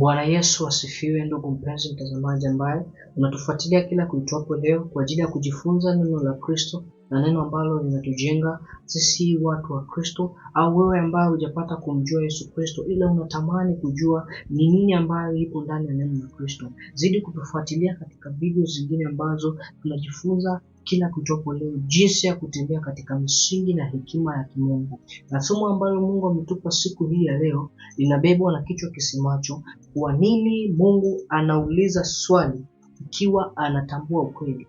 Bwana Yesu asifiwe, ndugu mpenzi mtazamaji ambaye unatufuatilia kila kuitwapo leo kwa ajili ya kujifunza neno la Kristo na neno ambalo linatujenga sisi watu wa Kristo, au wewe ambaye hujapata kumjua Yesu Kristo ila unatamani kujua ni nini ambayo ipo ndani ya neno la Kristo. Zidi kutufuatilia katika video zingine ambazo tunajifunza kila kutoka leo, jinsi ya kutembea katika misingi na hekima ya Kimungu. Na somo ambalo Mungu ametupa siku hii ya leo linabebwa na kichwa kisemacho, kwa nini Mungu anauliza swali ikiwa anatambua ukweli?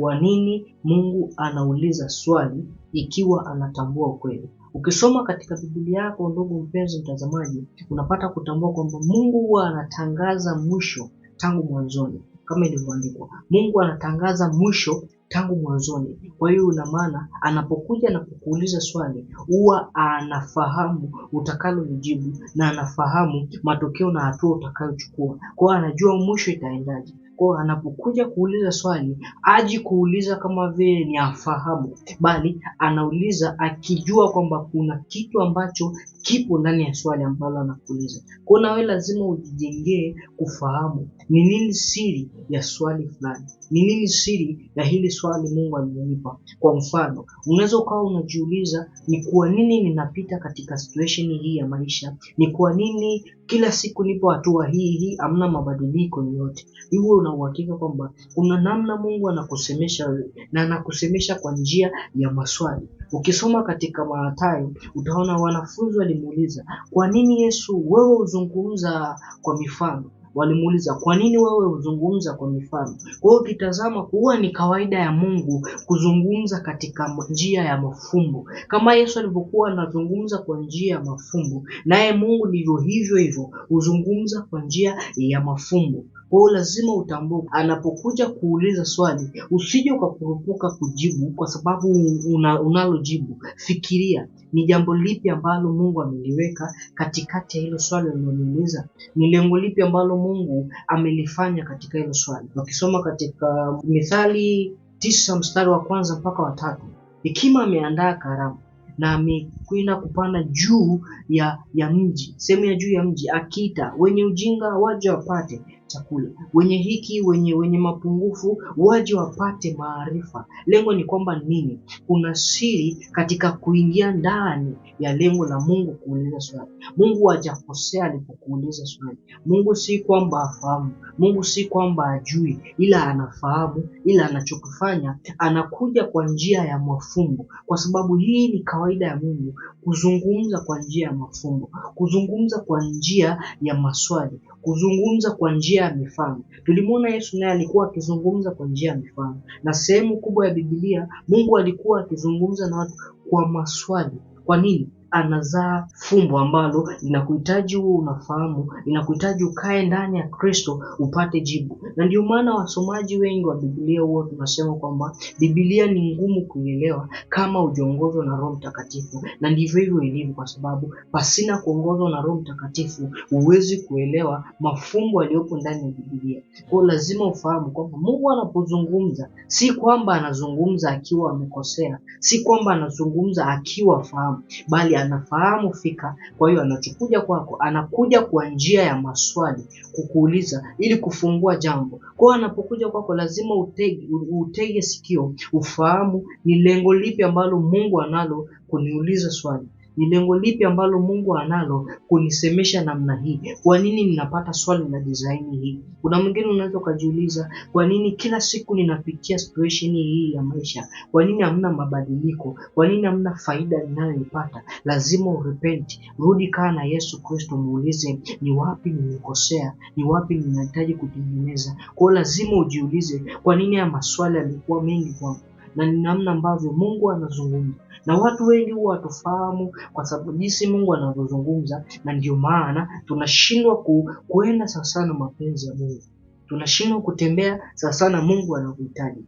Kwa nini Mungu anauliza swali ikiwa anatambua ukweli? Ukisoma katika Biblia yako, ndugu mpenzi mtazamaji, unapata kutambua kwamba Mungu huwa anatangaza mwisho tangu mwanzoni, kama ilivyoandikwa. Mungu anatangaza mwisho tangu mwanzoni. Kwa hiyo ina maana anapokuja na kukuuliza swali, huwa anafahamu utakalojibu na anafahamu matokeo na hatua utakayochukua. Kwa hiyo anajua mwisho itaendaje kwa anapokuja kuuliza swali aji kuuliza kama vile ni afahamu, bali anauliza akijua kwamba kuna kitu ambacho kipo ndani ya swali ambalo anakuuliza. Kwa nawe lazima ujijengee kufahamu ni nini siri ya swali fulani, ni nini siri ya hili swali Mungu alinipa. Kwa mfano, unaweza ukawa unajiuliza ni kwa nini ninapita katika situation hii ya maisha, ni kwa nini kila siku nipo hatua hii hii, amna mabadiliko yoyote, iwe una uhakika kwamba kuna namna Mungu anakusemesha na anakusemesha kwa njia ya maswali. Ukisoma katika Mathayo utaona wanafunzi walimuuliza, kwa nini Yesu wewe huzungumza kwa mifano? walimuuliza kwa nini wewe huzungumza kwa mifano? Kwa hiyo ukitazama, huwa ni kawaida ya Mungu kuzungumza katika njia ya mafumbo, kama Yesu alivyokuwa anazungumza kwa njia ya mafumbo, naye Mungu ndivyo hivyo hivyo huzungumza kwa njia ya mafumbo. Kwa hiyo lazima utambue, anapokuja kuuliza swali usije ukakurupuka kujibu, kwa sababu una, unalojibu fikiria ni jambo lipi ambalo Mungu ameliweka katikati ya hilo swali aliloniuliza, ni lengo lipi ambalo Mungu amelifanya katika hilo swali. Wakisoma katika Mithali tisa mstari wa kwanza mpaka wa tatu, hekima ameandaa karamu na amekwenda kupanda juu ya ya mji, sehemu ya juu ya mji, akiita wenye ujinga waje wapate chakula, wenye hiki, wenye wenye mapungufu waje wapate maarifa. Lengo ni kwamba nini? Kuna siri katika kuingia ndani ya lengo la Mungu kuuliza swali. Mungu hajakosea alipokuuliza swali. Mungu si kwamba afahamu, Mungu si kwamba ajui, ila anafahamu, ila anachokifanya anakuja kwa njia ya mafumbo, kwa sababu hii ni kawaida ya Mungu kuzungumza kwa njia ya mafumbo, kuzungumza kwa njia ya maswali, kuzungumza kwa njia njia ya mifano. Tulimwona Yesu naye alikuwa akizungumza kwa njia ya mifano, na sehemu kubwa ya Biblia Mungu alikuwa akizungumza na watu kwa maswali. Kwa nini? anazaa fumbo ambalo linakuhitaji huo unafahamu, linakuhitaji ukae ndani ya Kristo upate jibu. Na ndio maana wasomaji wengi wa Biblia huwa tunasema kwamba Biblia ni ngumu kuielewa kama hujaongozwa na Roho Mtakatifu, na ndivyo hivyo ilivyo, kwa sababu pasina kuongozwa na Roho Mtakatifu huwezi kuelewa mafumbo yaliyopo ndani ya Biblia. Kwa lazima ufahamu kwamba Mungu anapozungumza, si kwamba anazungumza akiwa amekosea, si kwamba anazungumza akiwa fahamu, bali anafahamu fika. Kwa hiyo anachokuja kwako anakuja kwa njia ya maswali kukuuliza ili kufungua jambo. Kwa hiyo anapokuja kwako lazima utege, utege sikio ufahamu ni lengo lipi ambalo Mungu analo kuniuliza swali. Ni lengo lipi ambalo Mungu analo kunisemesha namna hii? Kwa nini ninapata swali la design hii? Kuna mwingine unaweza ukajiuliza, kwa nini kila siku ninapitia situation hii ya maisha? Kwa nini hamna mabadiliko? Kwa nini hamna faida ninayoipata? Lazima urepent, rudi, kaa na Yesu Kristo, muulize ni wapi nimekosea, ni wapi ninahitaji kutengeneza. Kwa hiyo lazima ujiulize, kwa nini haya maswali yalikuwa mengi kwangu, na ni namna ambavyo Mungu anazungumza na watu wengi huwa watufahamu kwa sababu jinsi Mungu anavyozungumza, na ndio maana tunashindwa kuenda sawasawa na mapenzi ya Mungu, tunashindwa kutembea sawasawa na Mungu anavyohitaji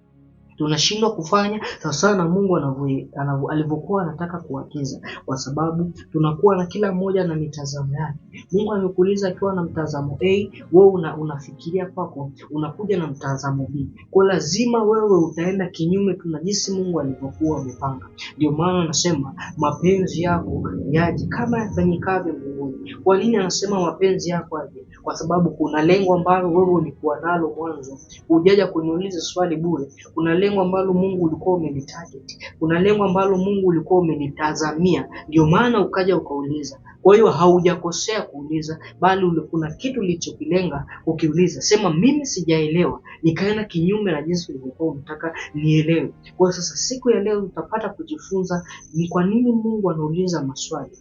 tunashindwa kufanya sawasawa na Mungu alivyokuwa anataka kuagiza, kwa sababu tunakuwa na kila mmoja na mitazamo yake. Mungu amekuuliza akiwa na mtazamo A, wewe una, unafikiria kwako, unakuja na mtazamo B, kwa lazima wewe utaenda kinyume tu na jinsi Mungu alivyokuwa amepanga. Ndio maana anasema mapenzi yako yaje kama yafanyikavyo mbinguni. Kwa nini anasema mapenzi yako yaje? Kwa sababu kuna lengo ambalo wewe ulikuwa nalo mwanzo. Hujaja kuniuliza swali bure, kuna lengo ambalo Mungu ulikuwa umenitarget, kuna lengo ambalo Mungu ulikuwa umenitazamia, ndio maana ukaja ukauliza. Kwa hiyo haujakosea kuuliza, bali kuna kitu ulichokilenga ukiuliza. Sema mimi sijaelewa, nikaenda kinyume na jinsi ulivyokuwa unataka nielewe. Kwa sasa siku ya leo utapata kujifunza ni kwa nini Mungu anauliza maswali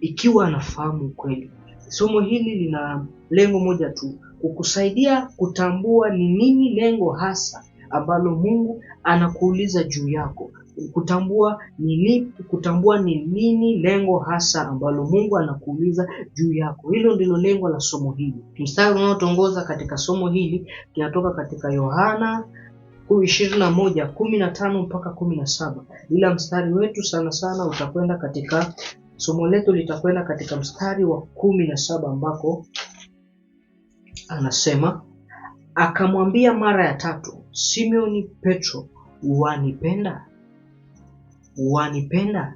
ikiwa anafahamu ukweli. Somo hili lina lengo moja tu, kukusaidia kutambua ni nini lengo hasa ambalo Mungu anakuuliza juu yako, kutambua ni lipi, kutambua ni nini lengo hasa ambalo Mungu anakuuliza juu yako. Hilo ndilo lengo la somo hili. Mstari unaotongoza katika somo hili kinatoka katika Yohana 2115 mpaka 17. ila mstari wetu sana sana utakwenda katika somo letu litakwenda katika mstari wa kumi na saba ambako anasema akamwambia mara ya tatu, Simeoni Petro, wanipenda? Wanipenda?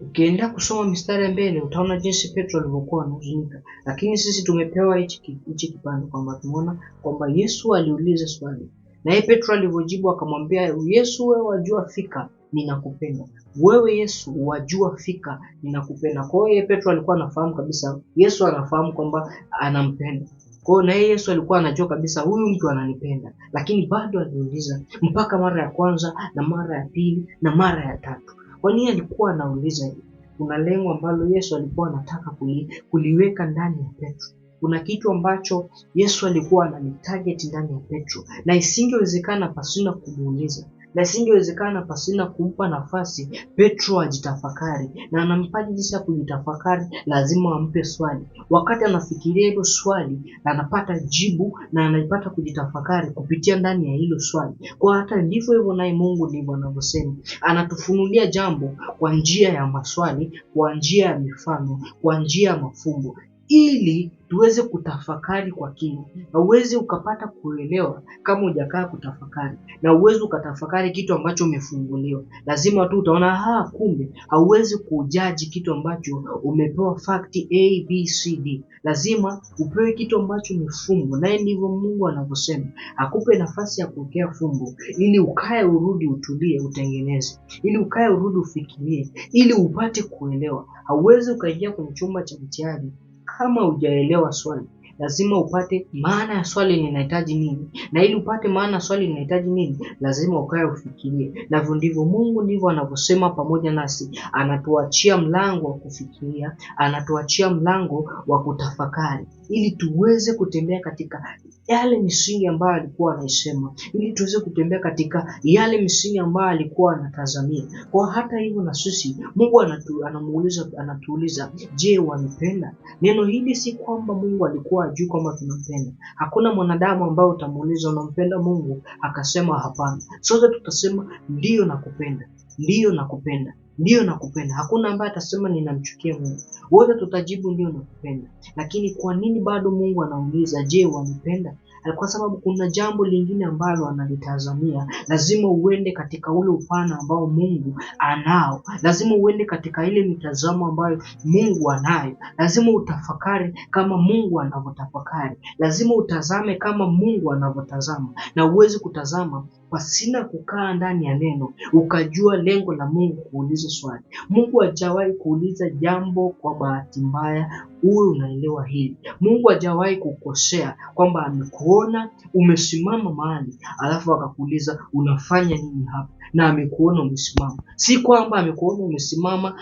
Ukienda kusoma mistari ya mbele utaona jinsi Petro alivyokuwa anahuzunika, lakini sisi tumepewa hichi kipande kwamba tumeona kwamba Yesu aliuliza swali na yeye Petro alivyojibu akamwambia Yesu, wewe wajua fika ninakupenda wewe Yesu wajua fika ninakupenda. Kwa hiyo Petro alikuwa anafahamu kabisa, Yesu anafahamu kwamba anampenda, kwa hiyo na yeye Yesu alikuwa anajua kabisa huyu mtu ananipenda, lakini bado aliuliza mpaka mara ya kwanza na mara ya pili na mara ya tatu. Kwa nini alikuwa anauliza? Kuna lengo ambalo Yesu alikuwa anataka kuli, kuliweka ndani ya Petro. Kuna kitu ambacho Yesu alikuwa ananitarget ndani ya Petro, na isingewezekana pasina kumuuliza na isingewezekana pasina kumpa nafasi Petro ajitafakari, na anampaji jinsi ya kujitafakari, lazima ampe swali. Wakati anafikiria hilo swali, na anapata jibu na anapata kujitafakari kupitia ndani ya hilo swali. Kwa hata ndivyo hivyo, naye Mungu ndivyo anavyosema, anatufunulia jambo kwa njia ya maswali, kwa njia ya mifano, kwa njia ya mafumbo ili tuweze kutafakari kwa kina, na uweze ukapata kuelewa kama hujakaa kutafakari, na uweze ukatafakari kitu ambacho umefunguliwa. Lazima tu utaona ha, kumbe hauwezi kujaji kitu ambacho umepewa fakti A, B, C, D. Lazima upewe kitu ambacho ni fumbo, naye ndivyo Mungu anavyosema, akupe nafasi ya kuokea fumbo ili ukae urudi, utulie, utengeneze, ili ukae urudi, ufikirie, ili upate kuelewa. Hauwezi ukaingia kwenye chumba cha mtihani kama hujaelewa swali, lazima upate maana ya swali linahitaji nini, na ili upate maana ya swali linahitaji nini, lazima ukae ufikirie. Navyo ndivyo Mungu ndivyo anavyosema pamoja nasi, anatuachia mlango wa kufikiria, anatuachia mlango wa kutafakari ili tuweze kutembea katika yale misingi ambayo alikuwa anaisema, ili tuweze kutembea katika yale misingi ambayo alikuwa anatazamia. Kwa hata hivyo, na sisi Mungu anatu, anamuuliza, anatuuliza je, wanipenda? Neno hili si kwamba Mungu alikuwa ajui kwamba tunampenda. Hakuna mwanadamu ambaye utamuuliza unampenda Mungu akasema hapana. Sote tutasema ndiyo, nakupenda, ndiyo nakupenda ndio nakupenda. Hakuna ambaye atasema ninamchukia Mungu, wote tutajibu ndio nakupenda. Lakini kwa nini bado Mungu anauliza, je, wanipenda? Eh, kwa sababu kuna jambo lingine ambalo analitazamia. Lazima uende katika ule upana ambao Mungu anao, lazima uende katika ile mitazamo ambayo Mungu anayo, lazima utafakari kama Mungu anavyotafakari, lazima utazame kama Mungu anavyotazama, na uwezi kutazama pasina kukaa ndani ya neno ukajua lengo la Mungu kuuliza swali. Mungu hajawahi kuuliza jambo kwa bahati mbaya, huyu unaelewa hili. Mungu hajawahi kukosea kwamba amekuona umesimama mahali alafu akakuuliza unafanya nini hapa, na amekuona umesimama. Si kwamba amekuona umesimama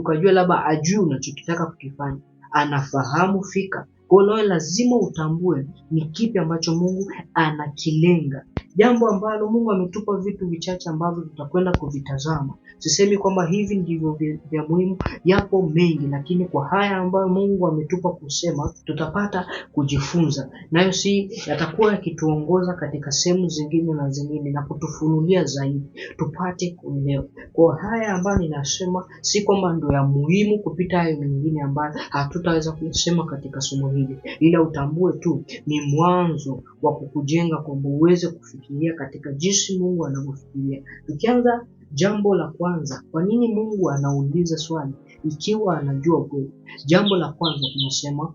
ukajua labda ajui unachokitaka kukifanya, anafahamu fika kwa lazima utambue ni kipi ambacho Mungu anakilenga jambo ambalo Mungu ametupa vitu vichache ambavyo tutakwenda kuvitazama. Sisemi kwamba hivi ndivyo vya muhimu, yapo mengi, lakini kwa haya ambayo Mungu ametupa kusema, tutapata kujifunza nayo, si yatakuwa yakituongoza katika sehemu zingine na zingine na kutufunulia zaidi tupate kuelewa. Kwa haya ambayo ninasema, si kwamba ndio ya muhimu kupita hayo mengine ambayo hatutaweza kusema katika somo hili, ila utambue tu ni mwanzo wa kukujenga kwamba uweze kufika kufikiria katika jinsi Mungu anavyofikiria. Tukianza jambo la kwanza, kwa nini Mungu anauliza swali ikiwa anajua kweli Jambo la kwanza tunasema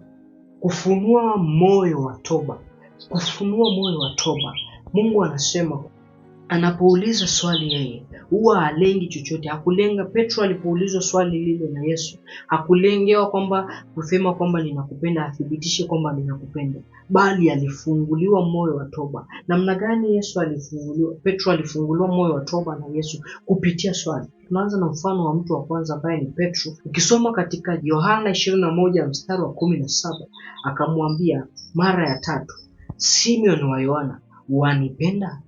kufunua moyo wa toba, kufunua moyo wa toba. Mungu anasema anapouliza swali yeye huwa alengi chochote, hakulenga. Petro alipoulizwa swali lile na Yesu hakulengewa kwamba kusema kwamba ninakupenda, athibitishe kwamba ninakupenda, bali alifunguliwa moyo wa toba. Namna gani Yesu alifunguliwa, Petro alifunguliwa moyo wa toba na Yesu kupitia swali. Tunaanza na mfano wa mtu wa kwanza ambaye ni Petro. Ukisoma katika Yohana ishirini moja mstari wa kumi na saba akamwambia mara ya tatu, Simeon wa Yohana, wanipenda?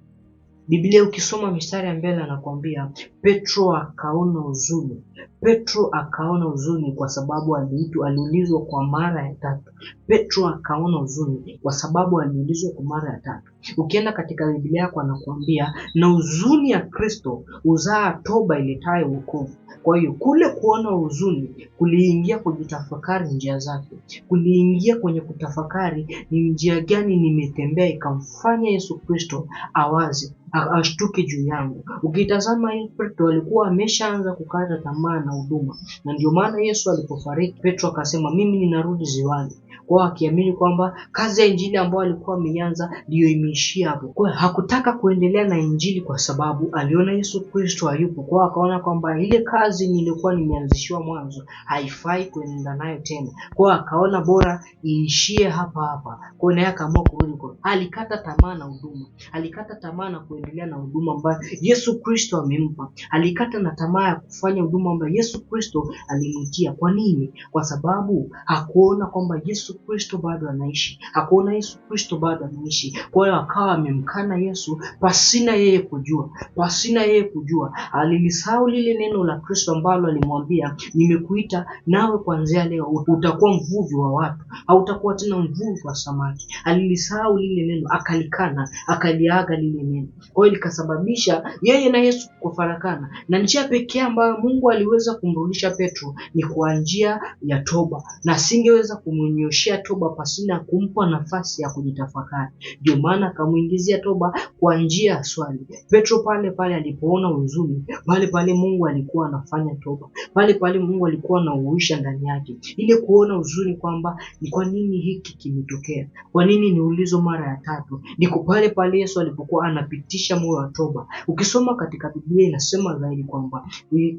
Biblia ukisoma mistari ya mbele anakuambia Petro akaona huzuni. Petro akaona huzuni kwa sababu aliitwa, aliulizwa kwa mara ya tatu. Petro akaona huzuni kwa sababu aliulizwa kwa mara ya tatu. Ukienda katika Biblia yako anakuambia na huzuni ya Kristo uzaa toba iletayo wokovu. Kwa hiyo kule kuona huzuni kuliingia kwenye tafakari njia zake, kuliingia kwenye kutafakari ni njia gani nimetembea, ikamfanya Yesu Kristo awaze ashtuke juu yangu. Ukitazama Petro alikuwa ameshaanza kukata tamaa na huduma, na ndio maana Yesu alipofariki Petro akasema mimi ninarudi ziwani, kwao akiamini kwamba kazi ya injili ambayo alikuwa ameianza ndiyo imeishia hapo. Kwa hakutaka kuendelea na injili kwa sababu aliona Yesu Kristo hayupo, kwao akaona kwamba ile kazi nilikuwa nimeanzishiwa mwanzo haifai kuenda nayo tena, kwao akaona bora iishie hapa hapa, kwao naye akaamua kurudi. Alikata tamaa na huduma, alikata tamaa na kuendelea na huduma ambayo Yesu Kristo amempa. Alikata na tamaa ya kufanya huduma ambayo Yesu Kristo alimwitia. Kwa nini? Kwa sababu hakuona kwamba Yesu Kristo bado anaishi, hakuona Yesu Kristo bado anaishi. Kwa hiyo akawa amemkana Yesu pasina yeye kujua, pasina yeye kujua. Alilisahau lile neno la Kristo ambalo alimwambia, nimekuita nawe kuanzia leo utakuwa mvuvi wa watu, hautakuwa tena mvuvi wa samaki. Alilisahau lile neno, akalikana, akaliaga lile neno. Kwa hiyo likasababisha yeye na Yesu kufarakana, na njia pekee ambayo Mungu aliweza kumrudisha Petro ni kwa njia ya toba, na asingeweza kumnyoshea toba pasina kumpa nafasi ya kujitafakari. Ndio maana akamwingizia toba kwa njia ya swali. Petro pale pale alipoona huzuni, pale pale Mungu alikuwa anafanya toba, pale pale Mungu alikuwa anauisha ndani yake ili kuona huzuni kwamba ni kwa nini hiki kimetokea, kwa nini niulizo mara ya tatu. Niko pale pale Yesu alipokuwa anapitisha kuutisha moyo wa toba. Ukisoma katika Biblia inasema zaidi kwamba eh,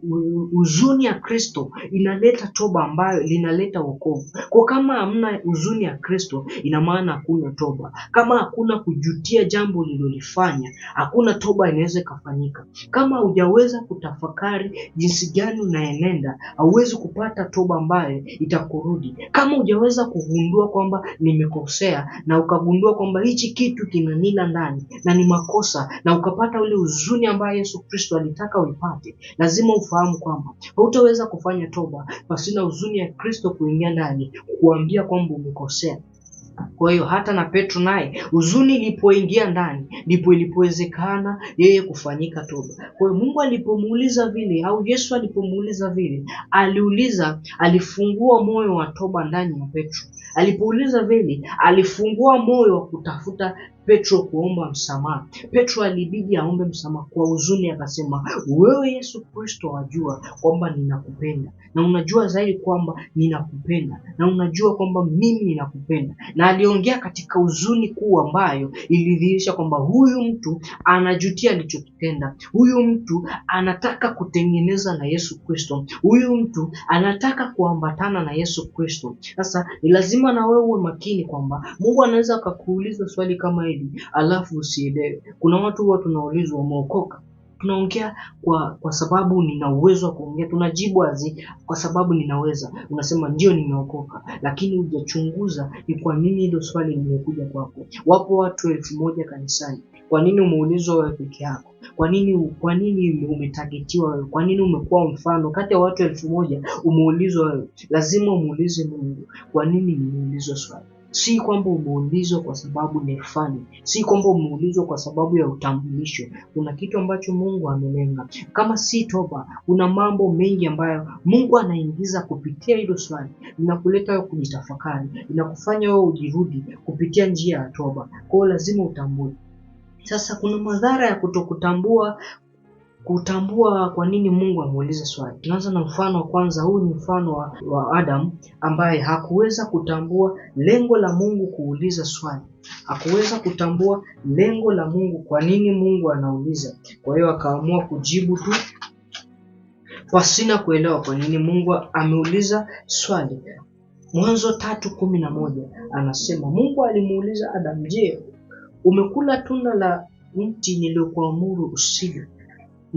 huzuni ya Kristo inaleta toba ambayo linaleta wokovu. Kwa kama hamna huzuni ya Kristo, ina maana hakuna toba. Kama hakuna kujutia jambo lilolifanya hakuna toba inaweza ikafanyika. Kama hujaweza kutafakari jinsi gani unaenenda, hauwezi kupata toba ambayo itakurudi. Kama hujaweza kugundua kwamba nimekosea na ukagundua kwamba hichi kitu kinanila ndani na ni makosa, na ukapata ule huzuni ambayo Yesu Kristo alitaka uipate, lazima ufahamu kwamba hautaweza kufanya toba pasina huzuni ya Kristo kuingia ndani, kuambia kwamba umekosea. Kwa hiyo hata na Petro naye huzuni ilipoingia ndani ndipo ilipowezekana yeye kufanyika toba. Kwa hiyo Mungu alipomuuliza vile au Yesu alipomuuliza vile, aliuliza alifungua moyo wa toba ndani ya Petro. Alipouliza vile, alifungua moyo wa kutafuta Petro kuomba msamaha. Petro alibidi aombe msamaha kwa huzuni, akasema wewe Yesu Kristo, wajua kwamba ninakupenda na unajua zaidi kwamba ninakupenda na unajua kwamba mimi ninakupenda. Na aliongea katika huzuni kuu ambayo ilidhihirisha kwamba huyu mtu anajutia alichokitenda, huyu mtu anataka kutengeneza na Yesu Kristo, huyu mtu anataka kuambatana na Yesu Kristo. Sasa ni lazima na wewe uwe makini kwamba Mungu anaweza akakuuliza swali kama hili zaidi alafu usielewe. Kuna watu huwa tunaulizwa umeokoka, tunaongea kwa kwa sababu nina uwezo wa kuongea, tunajibu azi kwa sababu ninaweza. Unasema ndio nimeokoka, lakini hujachunguza ni kwa nini hilo swali limekuja kwako. Wapo watu elfu moja kanisani. Kwa nini umeulizwa wewe peke yako? Kwa nini kwa nini umetagetiwa wewe? Kwa nini umekuwa mfano kati ya watu elfu moja umeulizwa wewe? Lazima umuulize Mungu, kwa nini nimeulizwa swali Si kwamba umeulizwa kwa sababu ni fani, si kwamba umeulizwa kwa sababu ya utambulisho. Kuna kitu ambacho Mungu amelenga. Kama si toba, kuna mambo mengi ambayo Mungu anaingiza kupitia hilo swali, linakuleta wewe kujitafakari, linakufanya wewe ujirudi kupitia njia ya toba. Kwa hiyo lazima utambue. Sasa kuna madhara ya kutokutambua kutambua kwa nini Mungu ameuliza swali. Tunaanza na mfano wa kwanza. Huu ni mfano wa, wa Adam ambaye hakuweza kutambua lengo la Mungu kuuliza swali, hakuweza kutambua lengo la Mungu, kwa nini Mungu anauliza. Kwa hiyo akaamua kujibu tu pasina kuelewa kwa nini Mungu ameuliza swali. Mwanzo tatu kumi na moja anasema Mungu alimuuliza Adam, je, umekula tunda la mti niliokuamuru usile?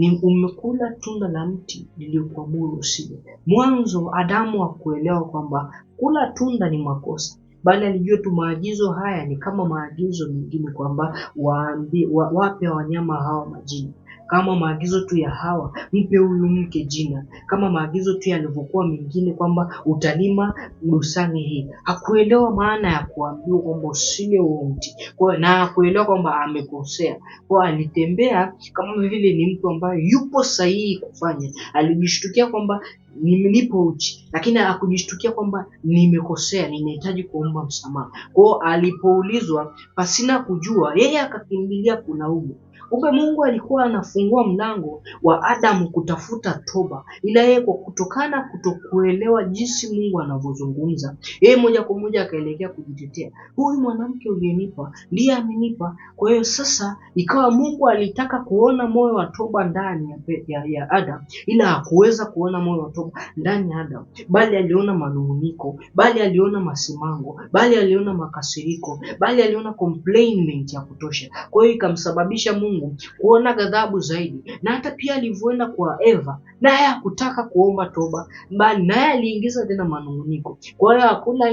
ni umekula tunda la mti liliokuamuru usile. Mwanzo Adamu hakuelewa kwamba kula tunda ni makosa, bali alijua tu maagizo haya ni kama maagizo mengine, kwamba waambie wa, wape wanyama hawa majini kama maagizo tu ya Hawa, mpe huyu mke jina, kama maagizo tu yalivyokuwa mengine kwamba utalima bustani hii. Hakuelewa maana ya kuambiwa kwamba usile huo mti, na hakuelewa kwamba amekosea. Kwa alitembea kama vile ni mtu ambaye yupo sahihi kufanya. Alijishtukia kwamba nilipo uchi, lakini hakujishtukia kwamba nimekosea, ninahitaji kuomba msamaha. Kwao alipoulizwa pasina kujua, yeye akakimbilia kulaumu. Kumbe Mungu alikuwa anafungua mlango wa Adamu kutafuta toba, ila yeye kwa kutokana kutokuelewa jinsi Mungu anavyozungumza, yeye moja kwa moja akaelekea kujitetea, huyu mwanamke uliyenipa ndiye amenipa. Kwa hiyo sasa ikawa Mungu alitaka kuona moyo wa toba ndani ya, ya Adamu, ila hakuweza kuona moyo wa toba ndani ya Adamu, bali aliona manunguniko, bali aliona masimango, bali aliona makasiriko, bali aliona complainment ya kutosha. Kwa hiyo ikamsababisha Mungu Mungu kuona ghadhabu zaidi, na hata pia alivyoenda kwa Eva naye hakutaka kuomba toba, bali naye aliingiza tena manunguniko. Kwa hiyo hakuna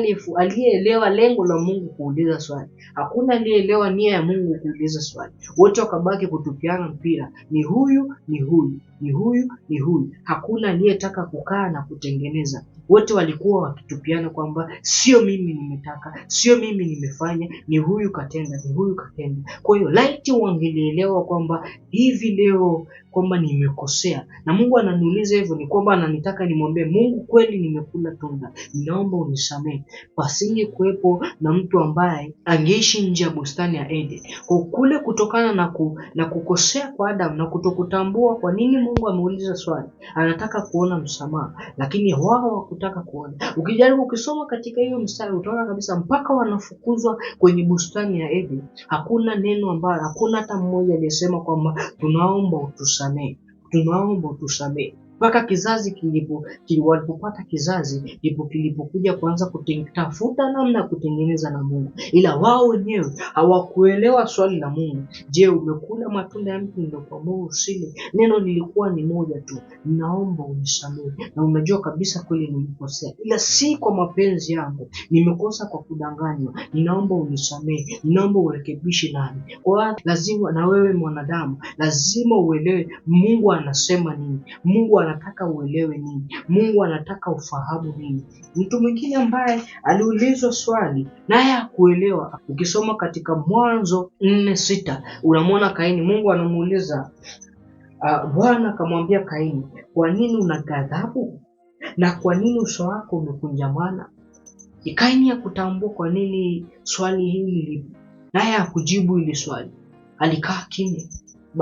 aliyeelewa lengo la Mungu kuuliza swali, hakuna aliyeelewa nia ya Mungu kuuliza swali, wote wakabaki kutupiana mpira, ni huyu ni huyu ni huyu ni huyu, hakuna aliyetaka kukaa na kutengeneza. Wote walikuwa wakitupiana kwamba sio mimi nimetaka, sio mimi nimefanya, ni huyu katenda, ni huyu katenda. Kwa hiyo laiti wangelielewa kwamba hivi leo kwamba nimekosea, na Mungu ananiuliza hivyo, ni kwamba ananitaka nimwambie Mungu, kweli nimekula tunda, ninaomba unisamehe. Pasinge kuwepo na mtu ambaye angeishi nje ya bustani ya Eden. Kwa kule kutokana na, ku, na kukosea kwa Adamu na kutokutambua kwa nini Mungu ameuliza swali, anataka kuona msamaha, lakini wao hawakutaka kuona. Ukijaribu ukisoma katika hiyo mstari utaona kabisa mpaka wanafukuzwa kwenye bustani ya Eden, hakuna neno ambalo, hakuna hata mmoja aliyesema kwamba tunaomba utusamehe. tusame, tumao mo tusame, mpaka kizazi kilipo walipopata kizazi ndipo kilipokuja kuanza kutafuta namna ya kutengeneza na Mungu, ila wao wenyewe hawakuelewa swali la Mungu. Je, umekula matunda ya mti niliokuambia usile? Neno lilikuwa ni moja tu, naomba unisamehe, na unajua kabisa kweli nilikosea, ila si kwa mapenzi yangu, nimekosa kwa kudanganywa, ninaomba unisamehe, ninaomba urekebishe nami. Kwa lazima na wewe mwanadamu lazima uelewe Mungu anasema nini, Mungu anataka uelewe nini, Mungu anataka ufahamu nini. Mtu mwingine ambaye aliulizwa swali naye hakuelewa, ukisoma katika Mwanzo nne sita unamwona Kaini, Mungu anamuuliza uh, Bwana akamwambia Kaini, kwa nini una ghadhabu na kwa nini uso wako umekunjamana? Kaini hakutambua kwa nini swali hili lipo, naye hakujibu ili swali, alikaa kimya.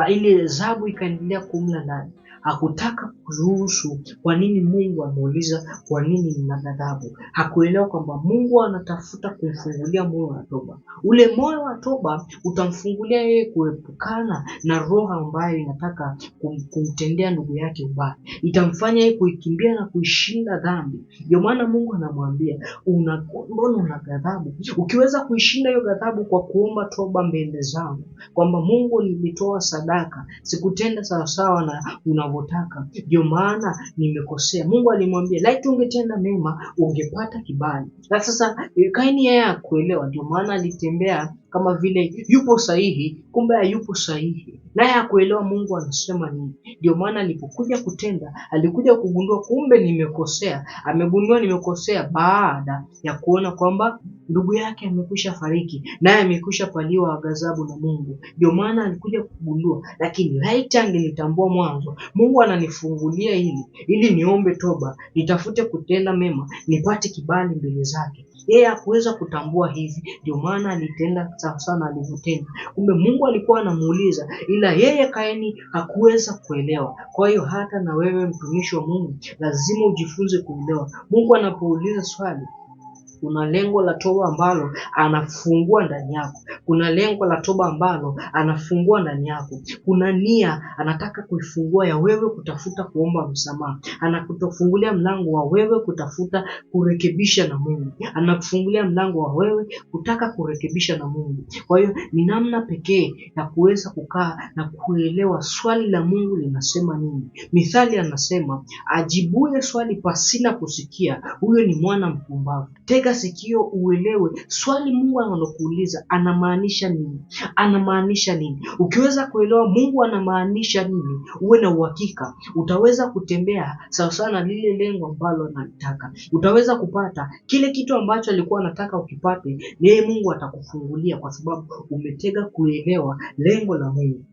Ile adhabu ikaendelea kumla ndani hakutaka kuruhusu. Kwa nini Mungu ameuliza kwa nini nina ghadhabu? Hakuelewa kwamba Mungu anatafuta kumfungulia moyo wa toba. Ule moyo wa toba utamfungulia yeye kuepukana na roho ambayo inataka kum, kumtendea ndugu yake ubaya, itamfanya yeye kuikimbia na kuishinda dhambi. Ndio maana Mungu anamwambia una, mbona una ghadhabu? Ukiweza kuishinda hiyo ghadhabu kwa kuomba toba mbele zangu, kwamba Mungu nilitoa sadaka sikutenda sawasawa na unavyo unavyotaka, ndio maana nimekosea. Mungu alimwambia laiti ungetenda mema ungepata kibali. Na sasa e, Kaini yeye hakuelewa, ndio maana alitembea kama vile yupo sahihi, kumbe hayupo sahihi, naye hakuelewa Mungu anasema nini. Ndio maana alipokuja kutenda, alikuja kugundua kumbe nimekosea. Amegundua nimekosea baada ya kuona kwamba ndugu yake amekwisha fariki naye amekwisha paliwa ghadhabu na Mungu. Ndio maana alikuja kugundua, lakini laiti angelitambua mwanzo. Mungu ananifungulia hili ili niombe toba, nitafute kutenda mema, nipate kibali mbele zake. Yeye hakuweza kutambua hivi, ndio maana alitenda sana alivyotenda. Kumbe Mungu alikuwa anamuuliza, ila yeye Kaini hakuweza kuelewa. Kwa hiyo hata na wewe mtumishi wa Mungu lazima ujifunze kuelewa. Mungu anapouliza swali kuna lengo la toba ambalo anafungua ndani yako. Kuna lengo la toba ambalo anafungua ndani yako. Kuna nia anataka kuifungua ya wewe kutafuta kuomba msamaha, anakutofungulia mlango wa wewe kutafuta kurekebisha na Mungu, anakufungulia mlango wa wewe kutaka kurekebisha na Mungu. Kwa hiyo ni namna pekee ya kuweza kukaa na kuelewa swali la Mungu linasema nini. Mithali anasema, ajibuye swali pasina kusikia, huyo ni mwana mpumbavu tega sikio uelewe swali Mungu analokuuliza anamaanisha nini, anamaanisha nini. Ukiweza kuelewa Mungu anamaanisha nini, uwe na uhakika, utaweza kutembea sawasawa na lile lengo ambalo anataka. utaweza kupata kile kitu ambacho alikuwa anataka ukipate. naye Mungu atakufungulia kwa sababu umetega kuelewa lengo la Mungu.